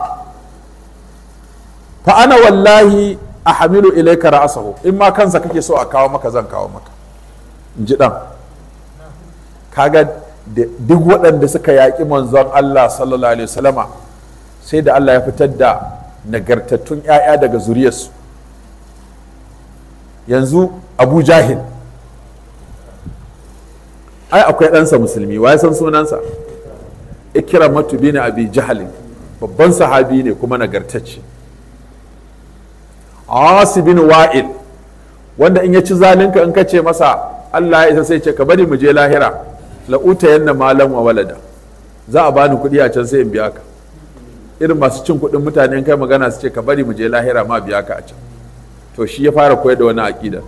fa ana wallahi a hamilu ilaika ra'asahu in ma kansa kake so a kawo maka zan kawo maka in ji dan kaga duk waɗanda suka yaƙi manzon Allah sallallahu alaihi wasallama sai da Allah ya fitar da nagartattun 'ya'ya daga zuriyarsu yanzu abu jahil ai akwai ɗansa musulmi wa san sunansa matubi ne abi jahali babban sahabi ne kuma nagartacce asi bin wa'il wanda in ya ci zalinka in ka ce masa Allah ya isa sai ce ka bari mu je lahira la'uta yanna malam wa walada za a bani kuɗi a can sai in biya ka irin masu cin kuɗin mutane in kai magana su ce ka bari mu je lahira ma biya ka a can to shi ya fara koyar da wani aƙida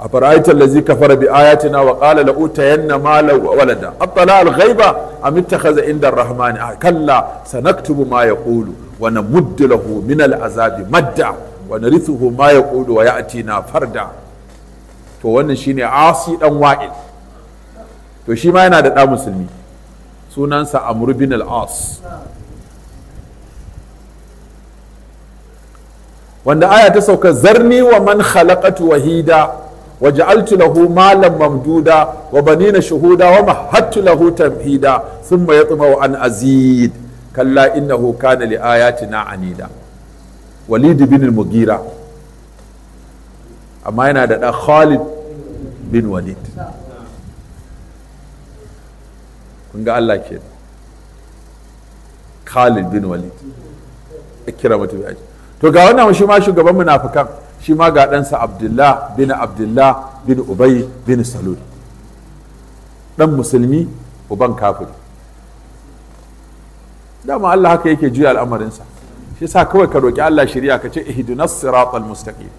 a fara'aita lazi kafara bi ayatina wa qala la utayanna mala wa walada attala al ghaiba am inda ar-rahmani kalla sanaktubu ma ya wa wani lahu min azabi madda wa narithuhu ma yaqulu wa ya'tina farda to wannan shine asi dan wa'il to shi ma yana da da musulmi sunansa amr bin al as wanda aya ta sauka zarni wa man khalaqatu wahida wa ja'altu lahu malan mamduda wa banina shuhuda wa mahattu lahu tamhida thumma yatma an azid kalla innahu kana li ayatina anida walid bin al-mugira amma yana da da khalid bin walid kun ga Allah ke khalid bin walid ikira mutum to ga wannan shi ma shugaban munafikan shi ma ga ɗansa abdullah bin abdullah bin ubai bin salul ɗan musulmi uban kafiri dama Allah haka yake juya al'amarinsa shi sa kawai ka roƙi Allah shirya ka ce ihdinas siratal mustaqim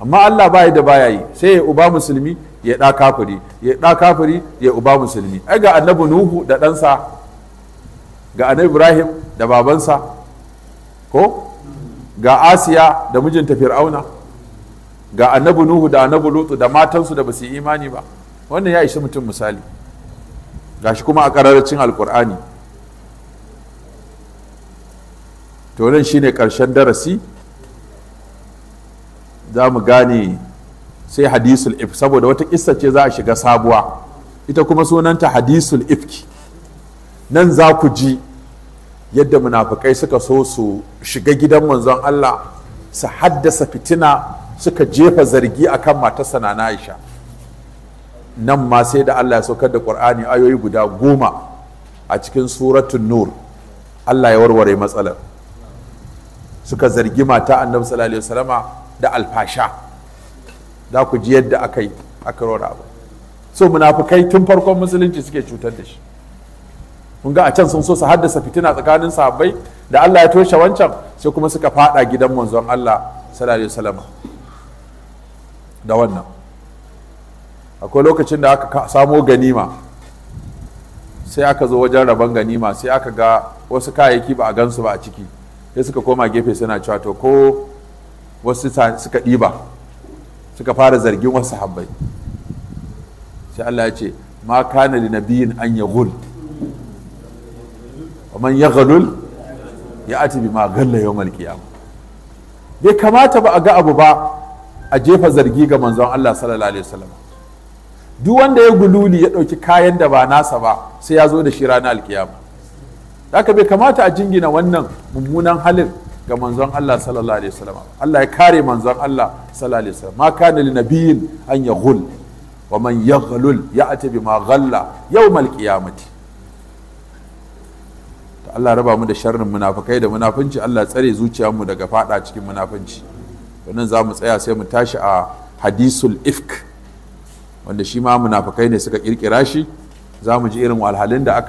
amma Allah ba da baya yi sai ya uba musulmi ya ɗa kafiri ya ɗa kafiri ya uba musulmi ai ga annabi nuhu da ɗansa ga annabi ibrahim da babansa ko ga asiya da mijinta fir'auna ga annabi nuhu da annabi lutu da matansu da basu yi imani ba wannan ya ishi mutum misali gashi kuma a ƙararracin alkur'ani to nan shine ƙarshen darasi za mu gane sai hadisul if saboda wata ƙissa ce za a shiga sabuwa ita kuma sunanta hadisul ifki nan za ku ji yadda munafukai suka so su shiga gidan manzon Allah su haddasa fitina suka jefa zargi akan matarsa na Aisha nan ma sai da Allah ya saukar da Qur'ani ayoyi guda goma a cikin suratun nur Allah ya warware matsalar suka zargi mata annabi sallallahu alaihi wasallama da alfasha za ku ji yadda aka yi aka rora abu so munafukai tun farkon musulunci suke cutar da shi kun ga a can sun so su haddasa fitina tsakanin sahabbai da Allah ya toshe wancan sai kuma suka fada gidan manzon Allah sallallahu alaihi wasallam da wannan akwai lokacin da aka samo ganima sai aka zo wajen rabon ganima sai aka ga wasu kayayyaki ba a gansu ba a ciki sai suka koma gefe suna cewa to ko wasu suka ɗiba suka fara zargin wasu sahabbai sai Allah ya ce ma kana li nabiyin an ya man ya galul ya ati bi ma galla yawmal qiyamah bai kamata ba a ga abu ba a jefa zargi ga manzon Allah sallallahu alaihi wasallam duk wanda ya gululi ya dauki kayan da ba nasa ba sai ya zo da shi ranar alkiyama haka bai kamata a jingina wannan mummunan halin ga manzon Allah sallallahu alaihi wasallam Allah ya kare manzon Allah sallallahu alaihi wasallam ma kana li nabiyyin an yaghul wa man yaghlul ya'ti bima ghalla yawmal qiyamati Allah raba mu da sharrin munafukai da munafunci Allah tsare zuciyarmu daga fada cikin munafunci wannan za mu tsaya sai mu tashi a hadisul ifk wanda shi ma munafukai ne suka kirkira shi za mu ji irin walhalin da aka